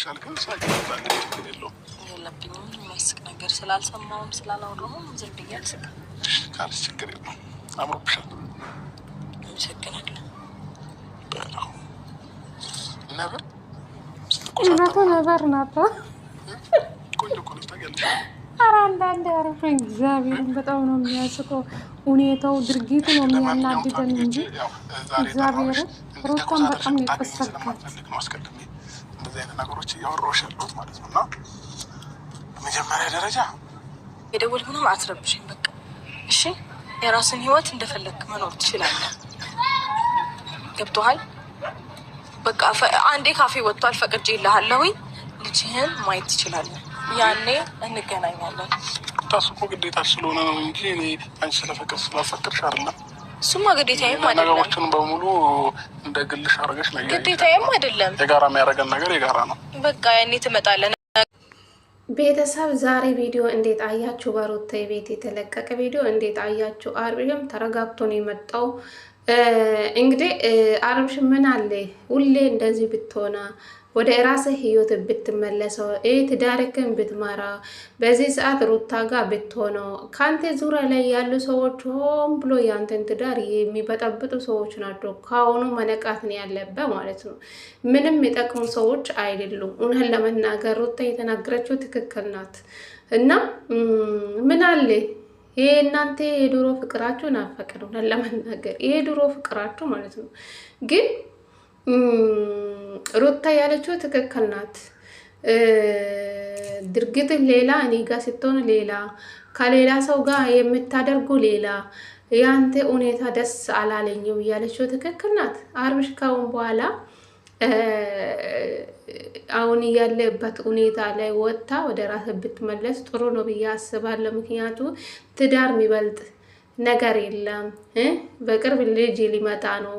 ብለሻል። ችግር የለውም የለብኝም። የሚያስቅ ነገር ስላልሰማሁም ስላላወራሁም ዝም ብዬ አልስቅም ካልሽ ችግር የለውም። አምሮብሻል። አመሰግናለሁ። ነበር ነበር ነበር ኧረ አንዳንዴ አረፈ እግዚአብሔርን በጣም ነው የሚያስቀው። ሁኔታው ድርጊቱ ነው የሚያናድደን እንጂ እግዚአብሔርን ሮጣን በጣም ነው እንደዚህ አይነት ነገሮች እያወራሁሽ ያለሁት ማለት ነው። እና በመጀመሪያ ደረጃ የደወል ምንም አትረብሽኝ። በቃ እሺ፣ የራስን ህይወት እንደፈለግ መኖር ትችላለህ። ገብቶሃል? በቃ አንዴ ካፌ ወጥቷል፣ ፈቅጄ ይልሃለሁ። ልጅህን ማየት ትችላለህ። ያኔ እንገናኛለን። ታስኮ ግዴታ ስለሆነ ነው እንጂ እኔ አንቺ ስለፈቅድ ስላፈቅድሽ አይደለም እሱማ ግዴታዬም አይደለም። ነገሮችን በሙሉ እንደ ግልሽ አድርገሽ ነገር ግዴታዬም አይደለም። የጋራ የሚያደርገን ነገር የጋራ ነው። በቃ ያኔ ትመጣለን። ቤተሰብ ዛሬ ቪዲዮ እንዴት አያችሁ? በሩታ ቤት የተለቀቀ ቪዲዮ እንዴት አያችሁ? አብርሽም ተረጋግቶ ነው የመጣው። እንግዲህ አርብሽ ምን አለ ሁሌ እንደዚህ ብትሆና ወደ ራስህ ህይወት ብትመለሰው ትዳርክን ብትመራ በዚህ ሰዓት ሩታ ጋር ብትሆነው ከአንተ ዙሪያ ላይ ያሉ ሰዎች ሆን ብሎ ያንተን ትዳር የሚበጠብጡ ሰዎች ናቸው። ከአሁኑ መነቃት ነው ያለበ ማለት ነው። ምንም የጠቅሙ ሰዎች አይደሉም። እውነት ለመናገር ሩታ የተናገረችው ትክክል ናት እና ምን አለ ይሄ እናንተ የድሮ ፍቅራችሁ ናፈቀን፣ እውነት ለመናገር ይሄ ድሮ ፍቅራችሁ ማለት ነው ግን ሩታ ያለችው ትክክል ናት። ድርግት ሌላ፣ እኔ ጋ ስትሆን ሌላ፣ ከሌላ ሰው ጋር የምታደርጉ ሌላ። ያንተ ሁኔታ ደስ አላለኝም እያለችው ትክክል ናት። አብርሽ ካሁን በኋላ አሁን ያለበት ሁኔታ ላይ ወጥታ ወደ ራስ ብትመለስ ጥሩ ነው ብዬ አስባለሁ። ምክንያቱ ትዳር የሚበልጥ ነገር የለም። በቅርብ ልጅ ሊመጣ ነው።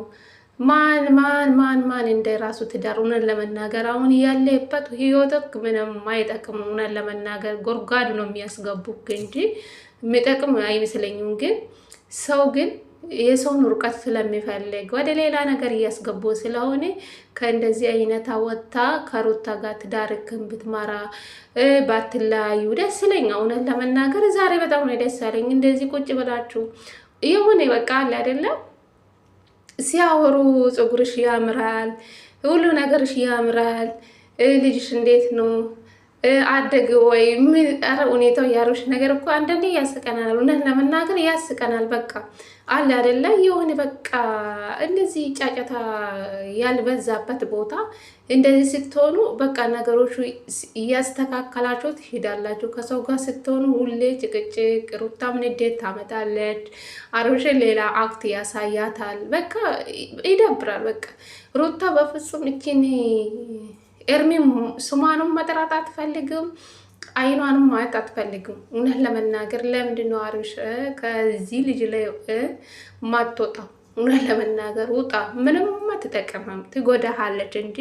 ማን ማን ማን ማን እንደ ራሱ ትዳር እውነን ለመናገር አሁን ያለበት ህይወት ምንም አይጠቅም። እውነን ለመናገር ጎርጓዱ ነው የሚያስገቡክ እንጂ የሚጠቅም አይመስለኝም። ግን ሰው ግን የሰውን ርቀት ስለሚፈልግ ወደ ሌላ ነገር እያስገቡ ስለሆነ ከእንደዚህ አይነት አወታ ከሩታ ጋር ትዳርክን ብትማራ ባትለያዩ ደስ ይለኛ። እውነት ለመናገር ዛሬ በጣም ነው ደስ ያለኝ። እንደዚህ ቁጭ ብላችሁ የሆነ በቃ አለ አይደለም ሲያወሩ ፀጉርሽ ያምራል፣ ሁሉ ነገርሽ ያምራል፣ ልጅሽ እንዴት ነው አደግ ወይ ኧረ ሁኔታው የአብርሽ ነገር እኮ አንዳንዴ ያስቀናል። እውነት ለመናገር ያስቀናል። በቃ አለ አደለ የሆነ በቃ እንደዚህ ጫጫታ ያልበዛበት ቦታ እንደዚህ ስትሆኑ በቃ ነገሮቹ እያስተካከላችሁ ትሄዳላችሁ። ከሰው ጋር ስትሆኑ ሁሌ ጭቅጭቅ፣ ሩታም ንዴት ታመጣለች፣ አብርሽን ሌላ አክት ያሳያታል። በቃ ይደብራል። በቃ ሩታ በፍጹም እችን ኤርሚ ስሟንም መጥራት አትፈልግም፣ አይኗንም ማየት አትፈልግም። እውነት ለመናገር ለምንድን ነው አብርሽ ከዚህ ልጅ ላይ ማትወጣው? እውነት ለመናገር ውጣ፣ ምንም አትጠቅምም፣ ትጎዳሃለች እንጂ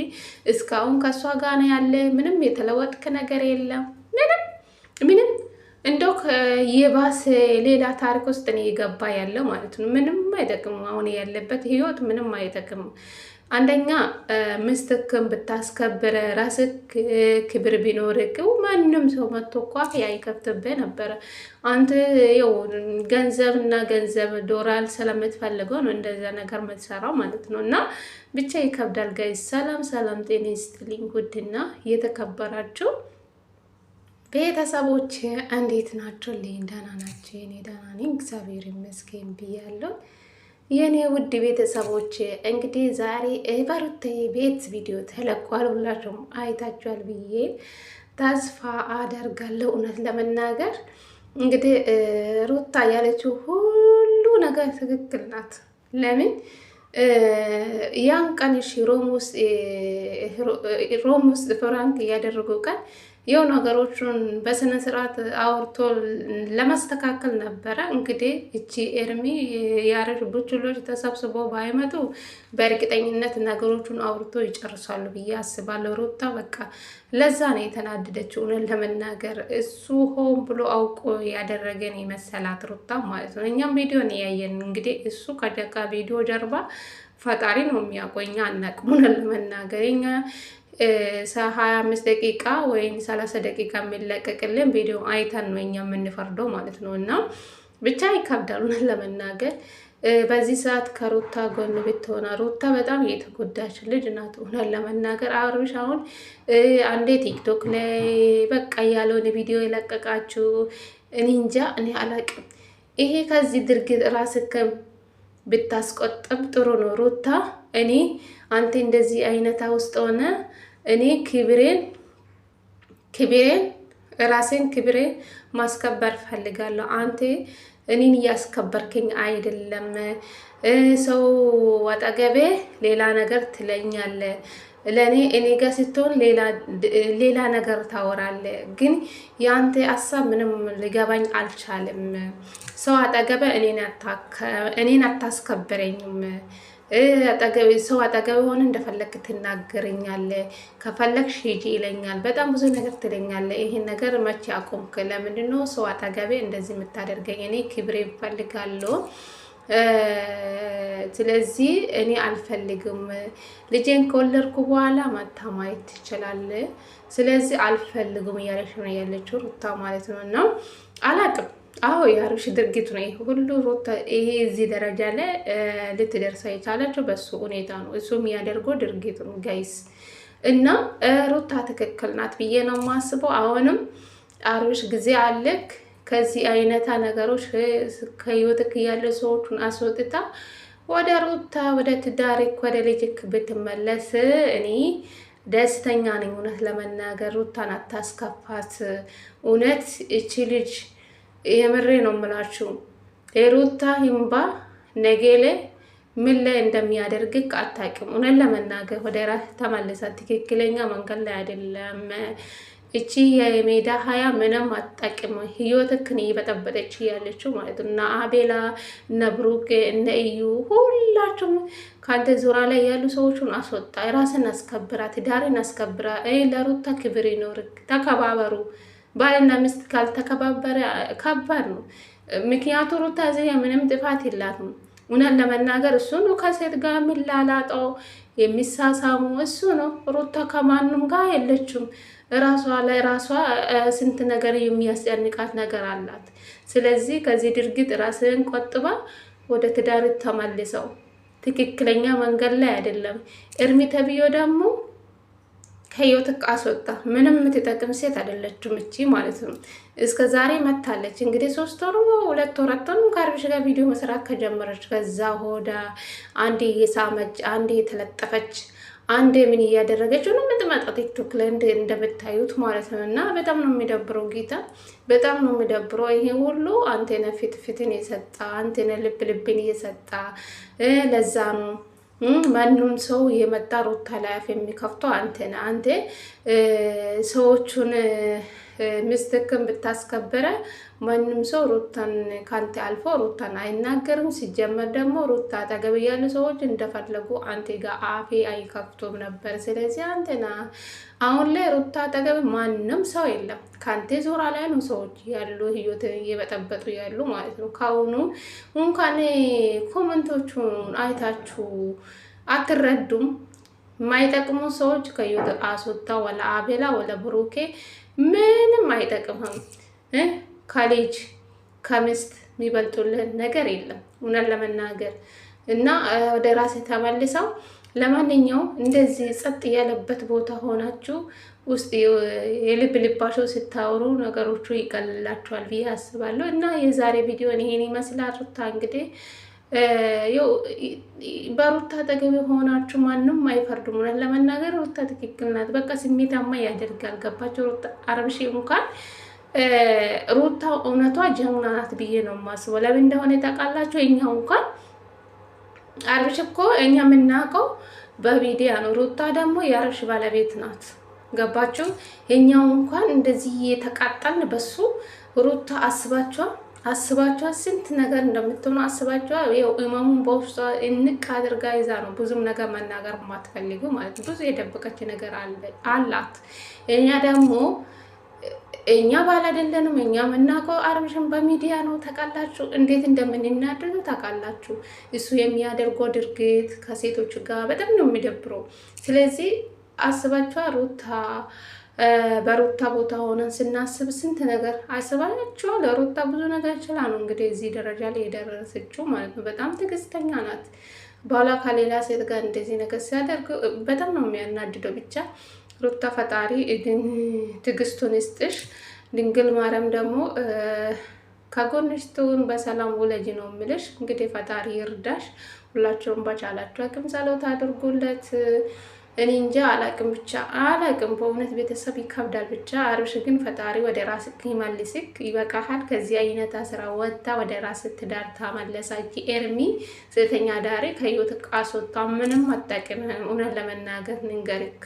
እስካሁን ከእሷ ጋር ነው ያለ። ምንም የተለወጥክ ነገር የለም። ምንም ምንም እንደው የባስ ሌላ ታሪክ ውስጥ ነው የገባ ያለ ማለት ነው። ምንም አይጠቅምም። አሁን ያለበት ህይወት ምንም አይጠቅምም። አንደኛ ምስትክን ብታስከብረ ራስክ ክብር ቢኖርክ ማንም ሰው መጥቶ እኳ ያይከፍትብህ ነበረ። አንተ ው ገንዘብ እና ገንዘብ ዶላር ስለምትፈልገው ነው እንደዛ ነገር የምትሰራው ማለት ነው። እና ብቻ ይከብዳል ጋይ። ሰላም ሰላም፣ ጤና ይስጥልኝ ውድና የተከበራችሁ ቤተሰቦች እንዴት ናቸው? ደህና ናቸው። እኔ ደህና ነኝ፣ እግዚአብሔር ይመስገን ብያለሁ። የኔ ውድ ቤተሰቦች እንግዲህ ዛሬ በሩቴ ቤት ቪዲዮ ተለቋል። ሁላችሁም አይታችኋል ብዬ ተስፋ አደርጋለሁ። እውነት ለመናገር እንግዲህ ሩታ ያለችው ሁሉ ነገር ትክክል ናት። ለምን ያን ቀን ሮም ውስጥ ፍራንክ እያደረገው ቀን የው ነገሮቹን በስነ ስርዓት አውርቶ ለማስተካከል ነበረ። እንግዲህ እቺ ኤርሚ የአረር ቡችሎች ተሰብስቦ ባይመጡ በእርግጠኝነት ነገሮቹን አውርቶ ይጨርሳሉ ብዬ አስባለሁ። ሩታ በቃ ለዛ ነው የተናደደችው። እውነት ለመናገር እሱ ሆን ብሎ አውቆ ያደረገን የመሰላት ሩታ ማለት ነው። እኛም ቪዲዮን እያየን እንግዲህ እሱ ከደቃ ቪዲዮ ጀርባ ፈጣሪ ነው የሚያቆኛ አናቅሙን ለመናገር ሀያ አምስት ደቂቃ ወይም ሰላሳ ደቂቃ የሚለቀቅልን ቪዲዮ አይተን ነው እኛ የምንፈርደው ማለት ነው። እና ብቻ ይከብዳል ለመናገር በዚህ ሰዓት ከሩታ ጎን ብትሆና ሩታ በጣም የተጎዳች ልጅ ናት። እውነት ለመናገር አብርሽ አሁን አንዴ ቲክቶክ ላይ በቃ ያለውን ቪዲዮ የለቀቃችሁ እኔ እንጃ እኔ አላቅም። ይሄ ከዚህ ድርጊት ራስክም ብታስቆጠብ ጥሩ ነው ሩታ። እኔ አንተ እንደዚህ አይነታ ውስጥ ሆነ እኔ ክብሬን ክብሬን ራሴን ክብሬን ማስከበር ፈልጋለሁ። አንተ እኔን እያስከበርክኝ አይደለም። ሰው አጠገቤ ሌላ ነገር ትለኛለ። ለእኔ እኔ ጋር ስትሆን ሌላ ነገር ታወራለ። ግን የአንተ ሀሳብ ምንም ሊገባኝ አልቻለም። ሰው አጠገቤ እኔን አታስከበረኝም ሰው አጠገብ ሆነ እንደፈለግ ትናገረኛለ፣ ከፈለግሽ ሂጂ ይለኛል። በጣም ብዙ ነገር ትለኛለ። ይሄን ነገር መቼ አቆምክ? ለምንድን ነው ሰው አጠገቤ እንደዚህ የምታደርገኝ? እኔ ክብሬ እፈልጋለሁ። ስለዚህ እኔ አልፈልግም። ልጄን ከወለድኩ በኋላ መታ ማየት ትችላለ። ስለዚህ አልፈልግም እያለች ነው ያለችው ሩታ ማለት ነው። እና አላቅም አዎ የአብርሽ ድርጊት ነው ይሄ ሁሉ ሩታ ይሄ እዚህ ደረጃ ላይ ልትደርሳ የቻለችው በሱ ሁኔታ ነው። እሱ የሚያደርገው ድርጊት ነው ጋይስ። እና ሩታ ትክክል ናት ብዬ ነው የማስበው። አሁንም አብርሽ ጊዜ አለክ ከዚህ አይነታ ነገሮች ከህይወትክ ያለ ሰዎቹን አስወጥታ ወደ ሩታ ወደ ትዳሪክ ወደ ልጅክ ብትመለስ እኔ ደስተኛ ነኝ። እውነት ለመናገር ሩታን አታስከፋት። እውነት እቺ ልጅ የምሬ ነው የምላችሁ። የሩታ ሂምባ ነጌሌ ላይ ምን ላይ እንደሚያደርግህ አታውቅም። እውነት ለመናገር ወደ ራስ ትክክለኛ መንገድ ላይ አይደለም። እቺ የሜዳ ሀያ ምንም አትጠቅም። ህይወትክን እየበጠበጠች ያለችው ማለት ነው። እነ አቤላ እነ ብሩክ እነ እዩ ሁላችሁም ከአንተ ዙሪያ ላይ ያሉ ሰዎችን አስወጣ። ራስን አስከብራ፣ ትዳርን አስከብራ። ለሩታ ክብር ይኖርክ። ተከባበሩ። ባልና ሚስት ካልተከባበረ ከባድ ነው። ምክንያቱ ሩታ እዚህ ምንም ጥፋት የላትም። እውነት ለመናገር እሱ ነው ከሴት ጋር የሚላላጠው የሚሳሳሙ እሱ ነው። ሩታ ከማንም ጋር የለችም። ራሷ ላይ ራሷ ስንት ነገር የሚያስጨንቃት ነገር አላት። ስለዚህ ከዚህ ድርጊት ራስህን ቆጥባ ወደ ትዳር ተመልሰው ትክክለኛ መንገድ ላይ አይደለም። እርሚ ተብዮ ደግሞ ከህይወት አስወጣ። ምንም የምትጠቅም ሴት አይደለችም እቺ ማለት ነው። እስከ ዛሬ መታለች እንግዲህ ሶስት ወሩ ሁለት ወራት ነው ከአብርሽ ጋር ቪዲዮ መስራት ከጀመረች። ከዛ ሆዳ አንዴ የሳመች፣ አንዴ የተለጠፈች፣ አንድ ምን እያደረገች ነው የምትመጣ ቲክቶክ ላይ እንደምታዩት ማለት ነው። እና በጣም ነው የሚደብረው ጌታ፣ በጣም ነው የሚደብረው። ይሄ ሁሉ አንቴነ ፊት ፊትን የሰጣ አንቴነ ልብ ልብን እየሰጣ ለዛ ነው ማንም ሰው የመጣ ሩታ ላይ አፍ የሚከፍተው አንተ ነህ። አንተ ሰዎቹን ምስትክን ብታስከበረ ማንም ሰው ሩታን ካንቴ አልፎ ሩታን አይናገርም። ሲጀመር ደግሞ ሩታ አጠገብ ያሉ ሰዎች እንደፈለጉ አንቴ ጋር አፌ አይከፍቶም ነበር። ስለዚህ አንቴና አሁን ላይ ሩታ አጠገብ ማንም ሰው የለም። ካንቴ ዞራ ላይ ነው ሰዎች ያሉ ህይወት እየበጠበጡ ያሉ ማለት ነው። ካሁኑ እንኳን ኮመንቶቹን አይታችሁ አትረዱም። የማይጠቅሙ ሰዎች ከዩት አስወጣ ወለ አቤላ ወለ ብሩኬ ምንም አይጠቅምም። ከልጅ ከምስት የሚበልጡልን ነገር የለም እውነት ለመናገር እና ወደ ራሴ ተመልሰው ለማንኛውም እንደዚህ ጸጥ ያለበት ቦታ ሆናችሁ ውስጥ የልብ ልባቸው ስታወሩ ነገሮቹ ይቀልላችኋል ብዬ አስባለሁ። እና የዛሬ ቪዲዮን ይሄን ይመስላል። ሩታ እንግዲህ በሩታ አጠገብ የሆናችሁ ማንም አይፈርድም። እውነት ለመናገር ሩታ ትክክል ናት። በቃ ስሜታማ ያደርጋል። ገባቸው ሩታ አረብሽ እንኳን ሩታ እውነቷ ጀግና ናት ብዬ ነው የማስበው። ለምን እንደሆነ ታውቃላችሁ? እኛ እንኳን አረብሽ እኮ እኛ የምናውቀው በቪዲያ ነው። ሩታ ደግሞ የአርብሽ ባለቤት ናት። ገባችሁ? እኛው እንኳን እንደዚህ የተቃጠልን በሱ ሩታ አስባችኋል አስባችኋ ስንት ነገር እንደምትሆኑ አስባችኋ። ያው እመሙን በውስጧ እንቅ አድርጋ ይዛ ነው ብዙም ነገር መናገር ማትፈልጉ ማለት ነው። ብዙ የደበቀች ነገር አላት። እኛ ደግሞ እኛ ባል አይደለንም። እኛ የምናውቀው አብርሽን በሚዲያ ነው። ታውቃላችሁ እንዴት እንደምንናደዱ ታውቃላችሁ። እሱ የሚያደርገው ድርጊት ከሴቶች ጋር በጣም ነው የሚደብረው። ስለዚህ አስባችኋ ሩታ በሩታ ቦታ ሆነን ስናስብ ስንት ነገር አስባችኋል። ሩታ ብዙ ነገር ይችላ ነው እንግዲህ እዚህ ደረጃ ላይ የደረሰችው ማለት ነው። በጣም ትዕግስተኛ ናት። ባሏ ከሌላ ሴት ጋር እንደዚህ ነገር ሲያደርግ በጣም ነው የሚያናድደው። ብቻ ሩታ ፈጣሪ ትዕግስቱን ይስጥሽ። ድንግል ማርያም ደግሞ ከጎንሽ ትሁን፣ በሰላም ውለጅ ነው የምልሽ። እንግዲህ ፈጣሪ ይርዳሽ። ሁላቸውም በቻላችሁ አቅም ጸሎት አድርጉለት። እኔ እንጃ አላቅም፣ ብቻ አላቅም። በእውነት ቤተሰብ ይከብዳል። ብቻ አብርሽ ግን ፈጣሪ ወደ ራስ ይመልስክ፣ ይበቃሃል። ከዚህ አይነት ስራ ወጥታ ወደ ራስ ትዳር ታመለሳች። ኤርሚ ሴተኛ ዳሬ ከህይወት አስወጣ። ምንም አታውቅም። እውነት ለመናገር ንንገርክ